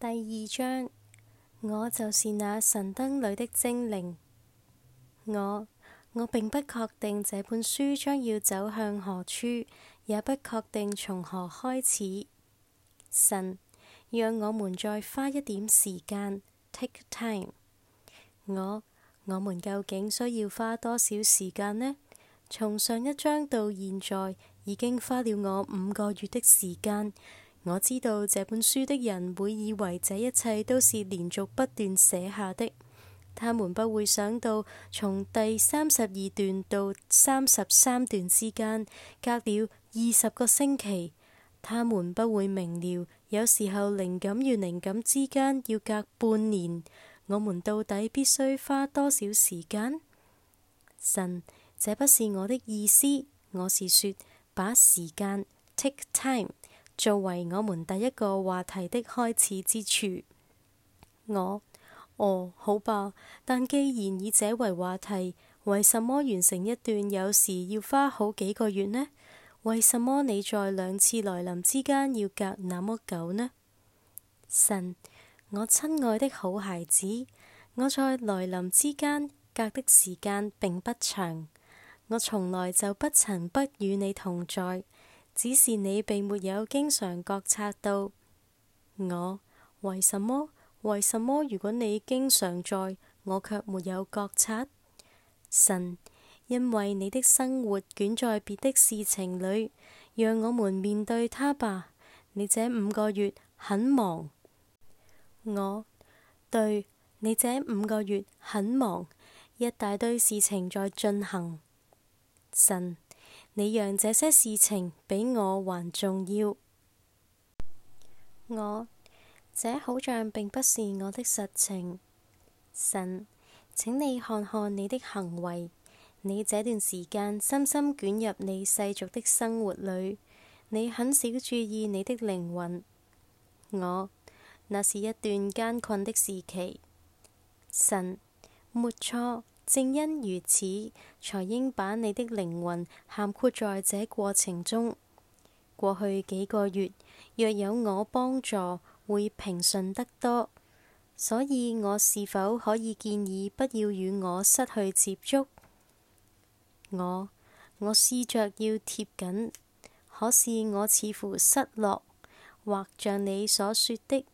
第二章，我就是那神燈裏的精靈。我，我並不確定這本書將要走向何處，也不確定從何開始。神，讓我們再花一點時間，take time。我，我們究竟需要花多少時間呢？從上一章到現在，已經花了我五個月的時間。我知道這本書的人會以為這一切都是連續不斷寫下的，他們不會想到從第三十二段到三十三段之間隔了二十個星期。他們不會明了，有時候靈感與靈感之間要隔半年。我們到底必須花多少時間？神，這不是我的意思，我是說把時間 take time。作為我們第一個話題的開始之處，我哦，好吧。但既然以這為話題，為什麼完成一段有時要花好幾個月呢？為什麼你在兩次來臨之間要隔那麼久呢？神，我親愛的好孩子，我在來臨之間隔的時間並不長，我從來就不曾不與你同在。只是你並沒有經常覺察到我，為什麼？為什麼？如果你經常在，我卻沒有覺察？神，因為你的生活捲在別的事情裏，讓我們面對它吧。你這五個月很忙，我，對，你這五個月很忙，一大堆事情在進行。神。你讓這些事情比我還重要，我這好像並不是我的實情。神，請你看看你的行為，你這段時間深深捲入你世俗的生活裏，你很少注意你的靈魂。我，那是一段艱困的時期。神，沒錯。正因如此，才應把你的靈魂涵括在這過程中。過去幾個月，若有我幫助，會平順得多。所以我是否可以建議不要與我失去接觸？我我試着要貼緊，可是我似乎失落，或像你所說的，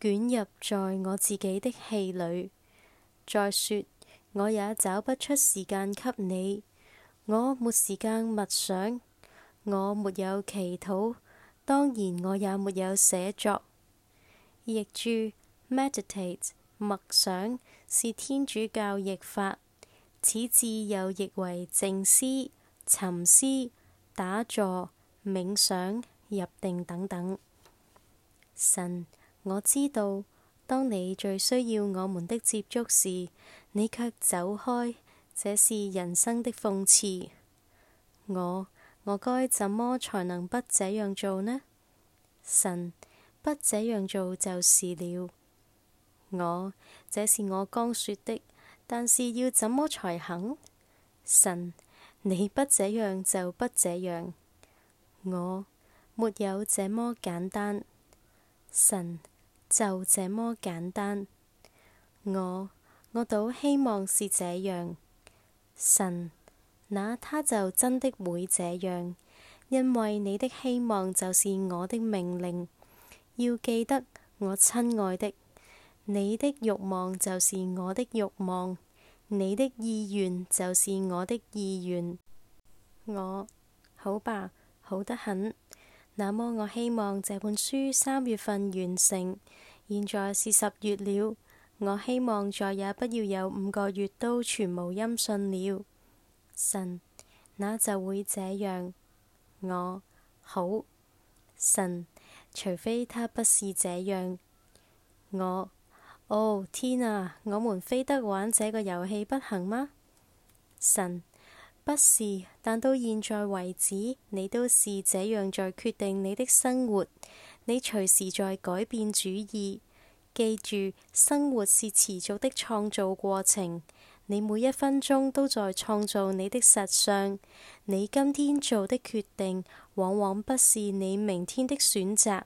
捲入在我自己的戲裡。再說。我也找不出時間給你，我沒時間默想，我沒有祈禱，當然我也沒有寫作。譯注：Meditate 默想是天主教譯法，此字又譯為靜思、沉思、打坐、冥想、入定等等。神，我知道當你最需要我們的接觸時。你卻走開，這是人生的諷刺。我，我該怎麼才能不這樣做呢？神，不這樣做就是了。我，這是我剛說的，但是要怎麼才肯？神，你不這樣就不這樣。我，沒有這麼簡單。神，就這麼簡單。我。我倒希望是這樣，神，那他就真的會這樣，因為你的希望就是我的命令。要記得，我親愛的，你的欲望就是我的欲望，你的意願就是我的意願。我，好吧，好得很。那麼我希望這本書三月份完成，現在是十月了。我希望再也不要有五個月都全無音訊了，神，那就會這樣。我，好。神，除非他不是這樣。我，哦，天啊，我們非得玩這個遊戲不行嗎？神，不是，但到現在為止，你都是這樣在決定你的生活，你隨時在改變主意。記住，生活是持續的創造過程，你每一分鐘都在創造你的實相。你今天做的決定，往往不是你明天的選擇。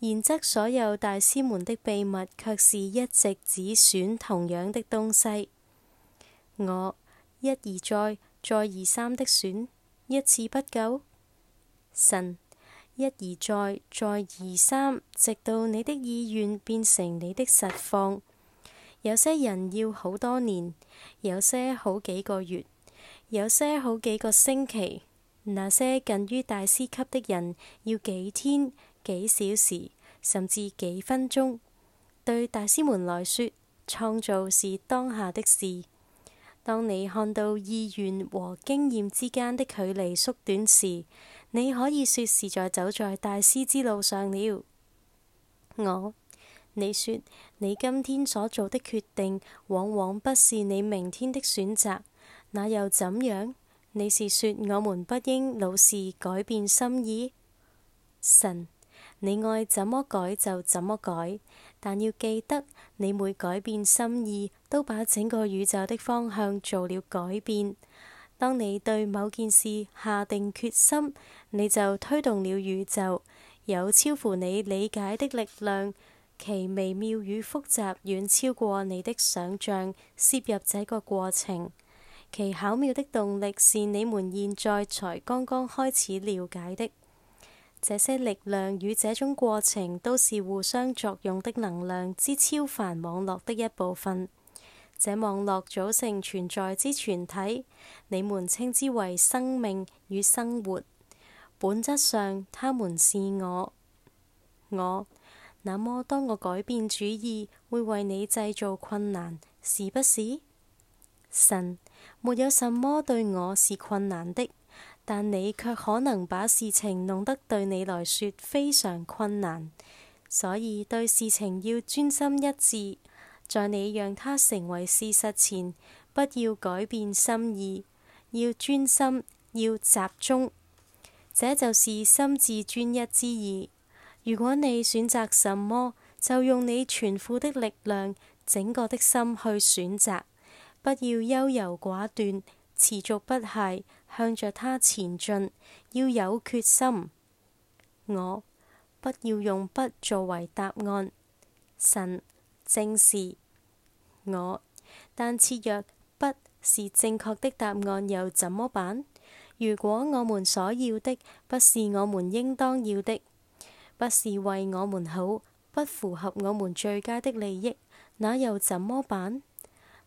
然則所有大師們的秘密，卻是一直只選同樣的東西。我一而再，再而三的選，一次不夠，神。一而再，再而三，直到你的意願變成你的實況。有些人要好多年，有些好幾個月，有些好幾個星期。那些近於大師級的人要幾天、幾小時，甚至幾分鐘。對大師們來說，創造是當下的事。當你看到意願和經驗之間的距離縮短時，你可以說是在走在大師之路上了。我，你說，你今天所做的決定，往往不是你明天的選擇，那又怎樣？你是說我們不應老是改變心意？神，你愛怎麼改就怎麼改。但要記得，你每改變心意，都把整個宇宙的方向做了改變。當你對某件事下定決心，你就推動了宇宙，有超乎你理解的力量，其微妙與複雜遠遠超過你的想象。涉入這個過程，其巧妙的動力是你們現在才剛剛開始了解的。這些力量與這種過程都是互相作用的能量之超凡網絡的一部分。這網絡組成存在之全體，你們稱之為生命與生活。本質上，他們是我，我。那麼，當我改變主意，會為你製造困難，是不是？神，沒有什麼對我是困難的。但你卻可能把事情弄得對你來說非常困難，所以對事情要專心一致，在你讓它成為事實前，不要改變心意，要專心，要集中，這就是心志專一之意。如果你選擇什麼，就用你全副的力量、整個的心去選擇，不要優柔寡斷。持續不懈，向着他前進，要有決心。我不要用不作為答案。神正是我，但切若不是正確的答案，又怎麼辦？如果我們所要的不是我們應當要的，不是為我們好，不符合我們最佳的利益，那又怎麼辦？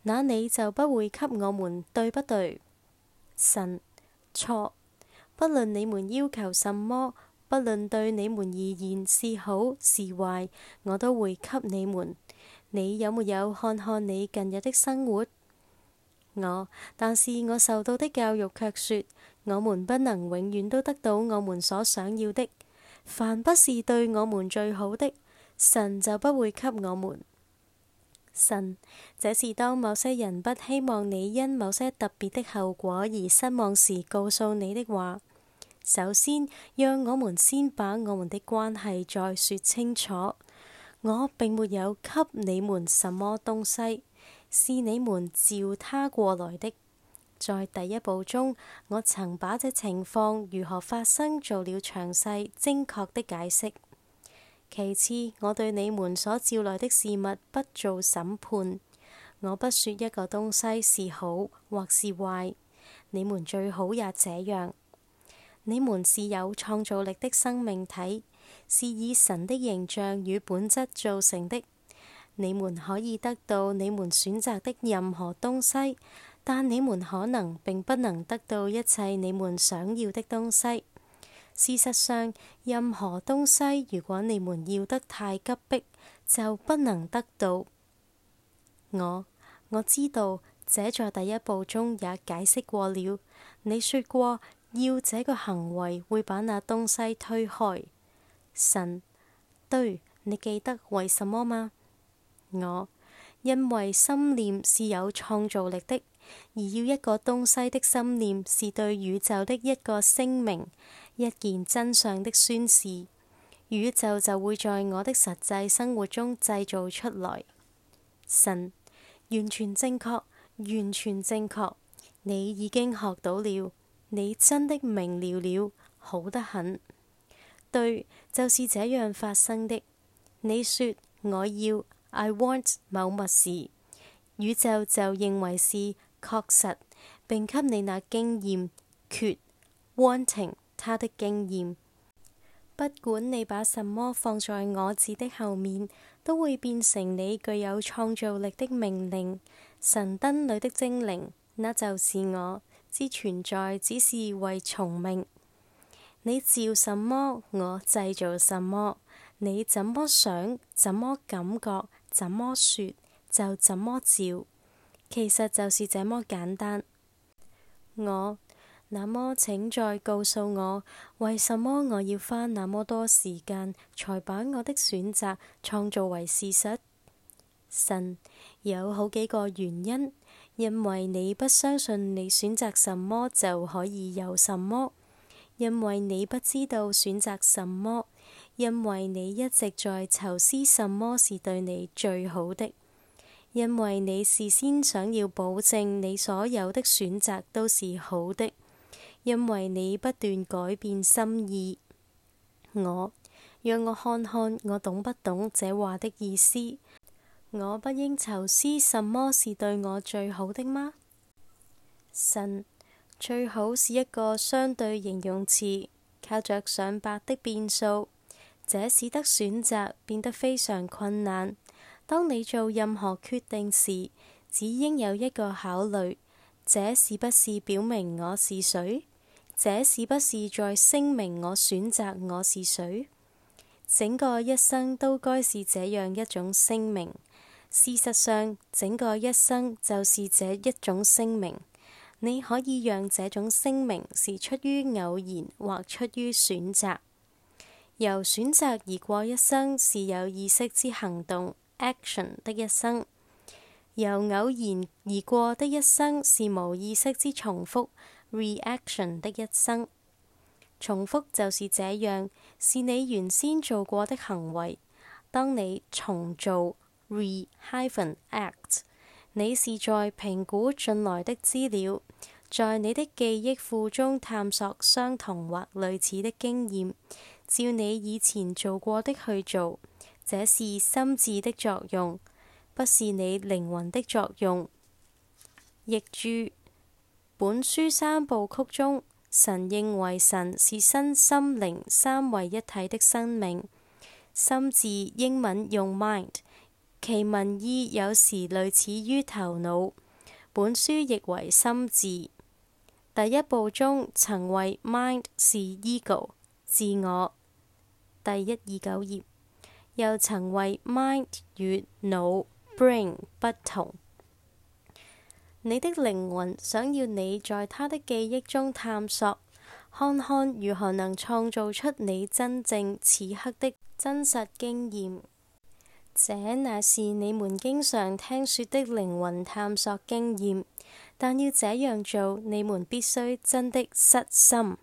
那你就不會給我們，對不對？神，錯，不論你們要求什麼，不論對你們而言是好是壞，我都會給你們，你有沒有看看你近日的生活？我，但是我受到的教育卻說，我們不能永遠都得到我們所想要的，凡不是對我們最好的，神就不會給我們。神，這是當某些人不希望你因某些特別的後果而失望時，告訴你的話。首先，讓我們先把我們的關係再說清楚。我並沒有給你們什麼東西，是你們召他過來的。在第一步中，我曾把這情況如何發生做了詳細、精確的解釋。其次，我對你們所召來的事物不做審判。我不說一個東西是好或是壞。你們最好也這樣。你們是有創造力的生命體，是以神的形象與本質造成的。你們可以得到你們選擇的任何東西，但你們可能並不能得到一切你們想要的東西。事實上，任何東西，如果你們要得太急迫，就不能得到。我我知道，這在第一部中也解釋過了。你說過，要這個行為會把那東西推開。神，對，你記得為什麼嗎？我，因為心念是有創造力的。而要一個東西的心念，是對宇宙的一個聲明，一件真相的宣示，宇宙就會在我的實際生活中製造出來。神，完全正確，完全正確，你已經學到了，你真的明了了，好得很。對，就是這樣發生的。你說我要 I want 某物時，宇宙就認為是。確實，並給你那經驗缺 wanting 他的經驗。不管你把什麼放在我字的後面，都會變成你具有創造力的命令。神燈裏的精靈，那就是我之存在，只是為從命。你照什麼，我製造什麼；你怎麼想，怎麼感覺，怎麼說，就怎麼照。其實就是這麼簡單。我那麼，請再告訴我，為什麼我要花那麼多時間才把我的選擇創造為事實？神有好幾個原因，因為你不相信你選擇什麼就可以有什麼，因為你不知道選擇什麼，因為你一直在尋思什麼是對你最好的。因為你事先想要保證，你所有的選擇都是好的，因為你不斷改變心意。我，讓我看看我懂不懂這話的意思。我不應愁思，什麼是對我最好的嗎？神，最好是一個相對形容詞，靠着上百的變數，這使得選擇變得非常困難。當你做任何決定時，只應有一個考慮：這是不是表明我是誰？這是不是在聲明我選擇我是誰？整個一生都該是這樣一種聲明。事實上，整個一生就是這一種聲明。你可以讓這種聲明是出於偶然或出於選擇，由選擇而過一生是有意識之行動。Action 的一生由偶然而過的一生是無意識之重複。Reaction 的一生重複就是這樣，是你原先做過的行為。當你重做 r e h i v e n act），你是在評估進來的資料，在你的記憶庫中探索相同或類似的經驗，照你以前做過的去做。這是心智的作用，不是你靈魂的作用。譯注：本書三部曲中，神認為神是身心靈三位一體的生命。心智英文用 mind，其文意有時類似於頭腦。本書亦為心智。第一部中曾為 mind 是 ego 自我。第一二九頁。又曾為 mind 與腦 brain 不同，你的靈魂想要你在他的記憶中探索，看看如何能創造出你真正此刻的真實經驗。這那是你們經常聽說的靈魂探索經驗，但要這樣做，你們必須真的失心，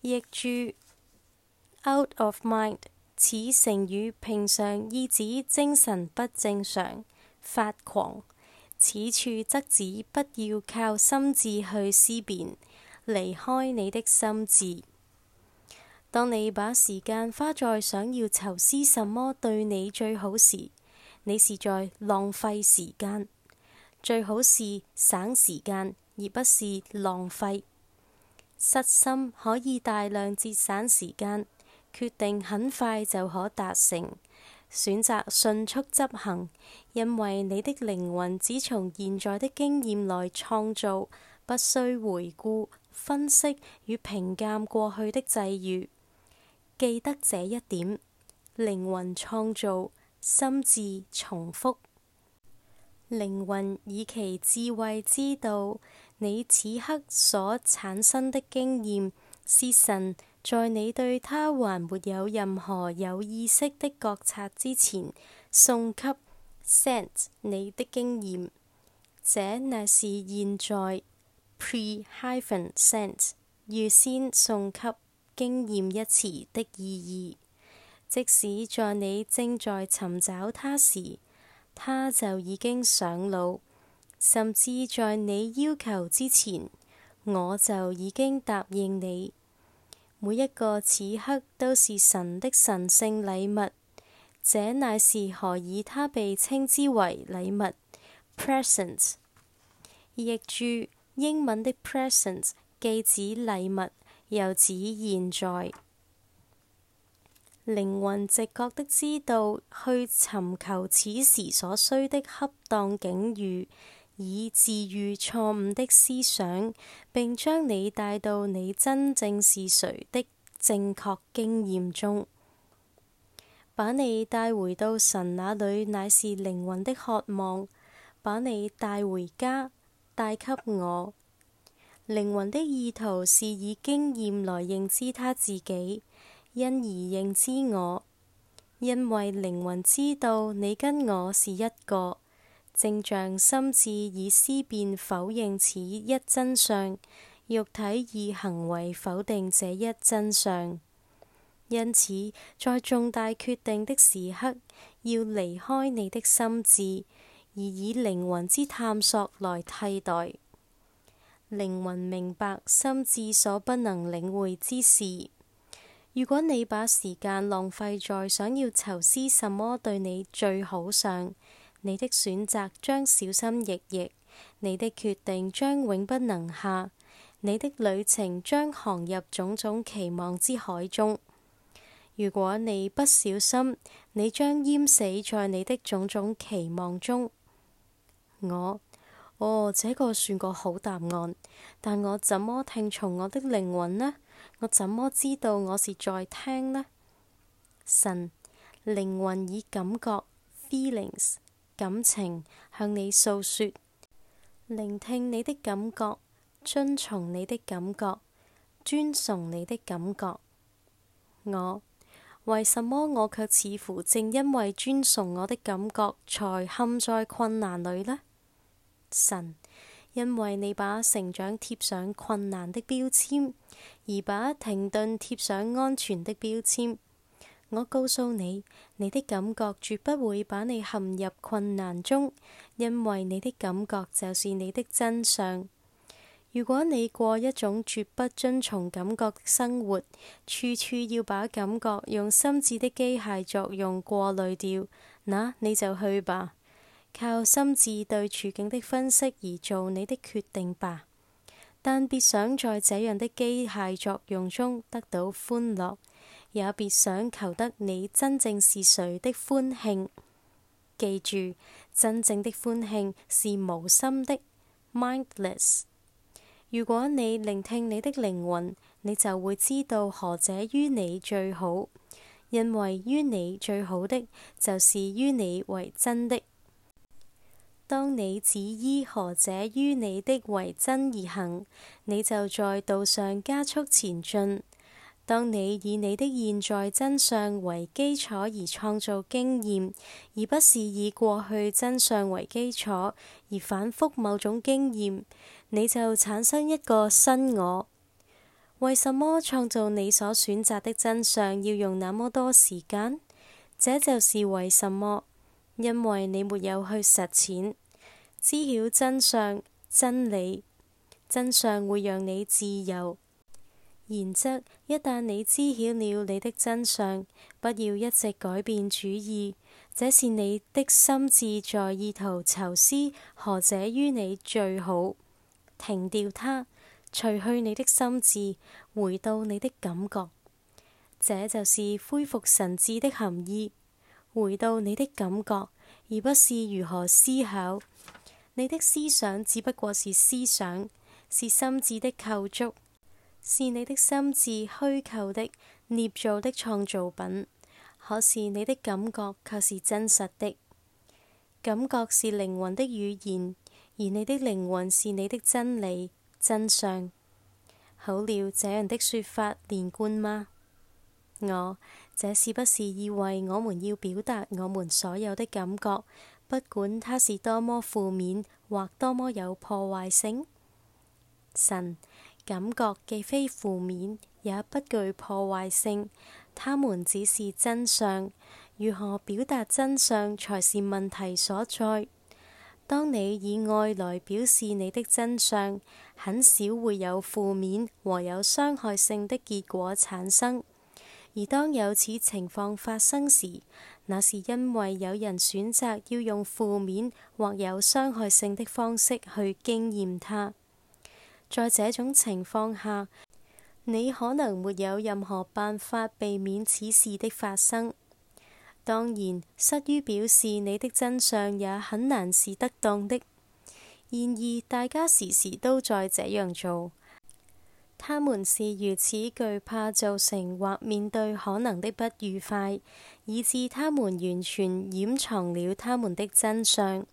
亦住 out of mind。此成語平常意指精神不正常、發狂，此處則指不要靠心智去思辨，離開你的心智。當你把時間花在想要籌思什麼對你最好時，你是在浪費時間。最好是省時間，而不是浪費。失心可以大量節省時間。決定很快就可達成，選擇迅速執行，因為你的靈魂只從現在的經驗來創造，不需回顧、分析與評鑑過去的際遇。記得這一點，靈魂創造，心智重複，靈魂以其智慧知道你此刻所產生的經驗是神。在你對它還沒有任何有意識的覺察之前，送給 s e n t 你的經驗，這乃是現在 pre-hyphen s e n t 預先送給經驗一詞的意義。即使在你正在尋找它時，它就已經上路；甚至在你要求之前，我就已經答應你。每一個此刻都是神的神聖禮物，這乃是何以它被稱之為禮物 （present）。譯註，英文的 present 既指禮物，又指現在。靈魂直覺的知道去尋求此時所需的恰當境遇。以治癒錯誤的思想，並將你帶到你真正是誰的正確經驗中，把你帶回到神那裏，乃是靈魂的渴望。把你帶回家，帶給我。靈魂的意圖是以經驗來認知他自己，因而認知我，因為靈魂知道你跟我是一個。正像心智以思辨否認此一真相，肉體以行為否定這一真相。因此，在重大決定的時刻，要離開你的心智，而以靈魂之探索來替代。靈魂明白心智所不能領會之事。如果你把時間浪費在想要籌思什麼對你最好上，你的選擇將小心翼翼，你的決定將永不能下，你的旅程將航入種種期望之海中。如果你不小心，你將淹死在你的種種期望中。我哦，這個算個好答案，但我怎麼聽從我的靈魂呢？我怎麼知道我是在聽呢？神，靈魂以感覺 feelings。感情向你訴說，聆聽你的感覺，遵從你的感覺，尊崇你的感覺。我，為什麼我却似乎正因為尊崇我的感覺，才陷在困難裏呢？神，因為你把成長貼上困難的標籤，而把停頓貼上安全的標籤。我告訴你，你的感覺絕不會把你陷入困難中，因為你的感覺就是你的真相。如果你過一種絕不遵從感覺的生活，處處要把感覺用心智的機械作用過濾掉，那你就去吧，靠心智對處境的分析而做你的決定吧。但別想在這樣的機械作用中得到歡樂。也別想求得你真正是誰的歡慶。記住，真正的歡慶是無心的 （mindless）。如果你聆聽你的靈魂，你就會知道何者於你最好。因為於你最好的就是於你為真的。當你只依何者於你的為真而行，你就在道上加速前進。當你以你的現在真相為基礎而創造經驗，而不是以過去真相為基礎而反復某種經驗，你就產生一個新我。為什麼創造你所選擇的真相要用那麼多時間？這就是為什麼，因為你沒有去實踐、知曉真相、真理。真相會讓你自由。然則，一旦你知曉了你的真相，不要一直改變主意。這是你的心智在意圖籌思，何者於你最好？停掉它，除去你的心智，回到你的感覺。這就是恢復神智的含義。回到你的感覺，而不是如何思考。你的思想只不過是思想，是心智的構築。是你的心智虛構的捏造的創造品，可是你的感覺卻是真實的。感覺是靈魂的語言，而你的靈魂是你的真理真相。好了，這樣的說法連貫嗎？我，這是不是意味我們要表達我們所有的感覺，不管它是多麼負面或多麼有破壞性？神。感覺既非負面，也不具破壞性。它們只是真相。如何表達真相才是問題所在。當你以愛來表示你的真相，很少會有負面和有傷害性的結果產生。而當有此情況發生時，那是因為有人選擇要用負面或有傷害性的方式去經驗它。在這種情況下，你可能沒有任何辦法避免此事的發生。當然，失於表示你的真相也很難是得當的。然而，大家時時都在這樣做，他們是如此懼怕造成或面對可能的不愉快，以致他們完全掩藏了他們的真相。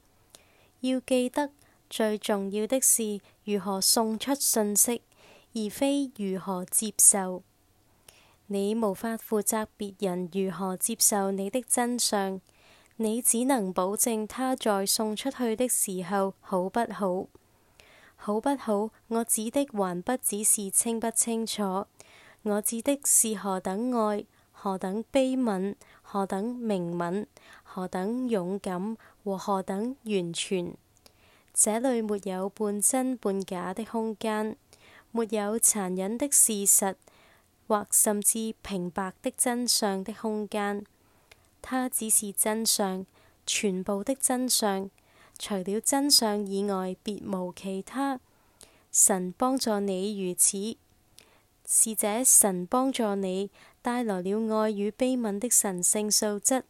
要記得，最重要的是，如何送出信息，而非如何接受？你無法負責別人如何接受你的真相，你只能保證他在送出去的時候好不好？好不好？我指的還不只是清不清楚，我指的是何等愛，何等悲憫，何等明憫，何等勇敢和何，何等完全。這裏沒有半真半假的空間，沒有殘忍的事實，或甚至平白的真相的空間。它只是真相，全部的真相，除了真相以外，別無其他。神幫助你如此，是這神幫助你帶來了愛與悲憫的神聖素質，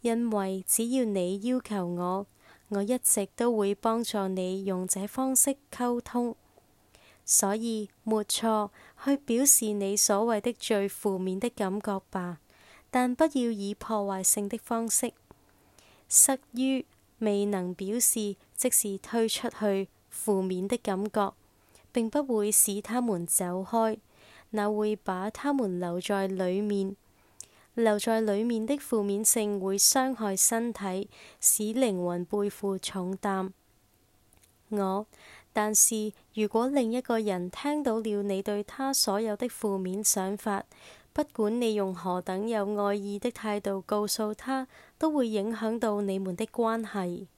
因為只要你要求我。我一直都會幫助你用這方式溝通，所以沒錯去表示你所謂的最負面的感覺吧，但不要以破壞性的方式。失於未能表示，即是推出去負面的感覺並不會使他們走開，那會把他們留在裏面。留在裏面的負面性會傷害身體，使靈魂背負重擔。我，但是如果另一個人聽到了你對他所有的負面想法，不管你用何等有愛意的態度告訴他，都會影響到你們的關係。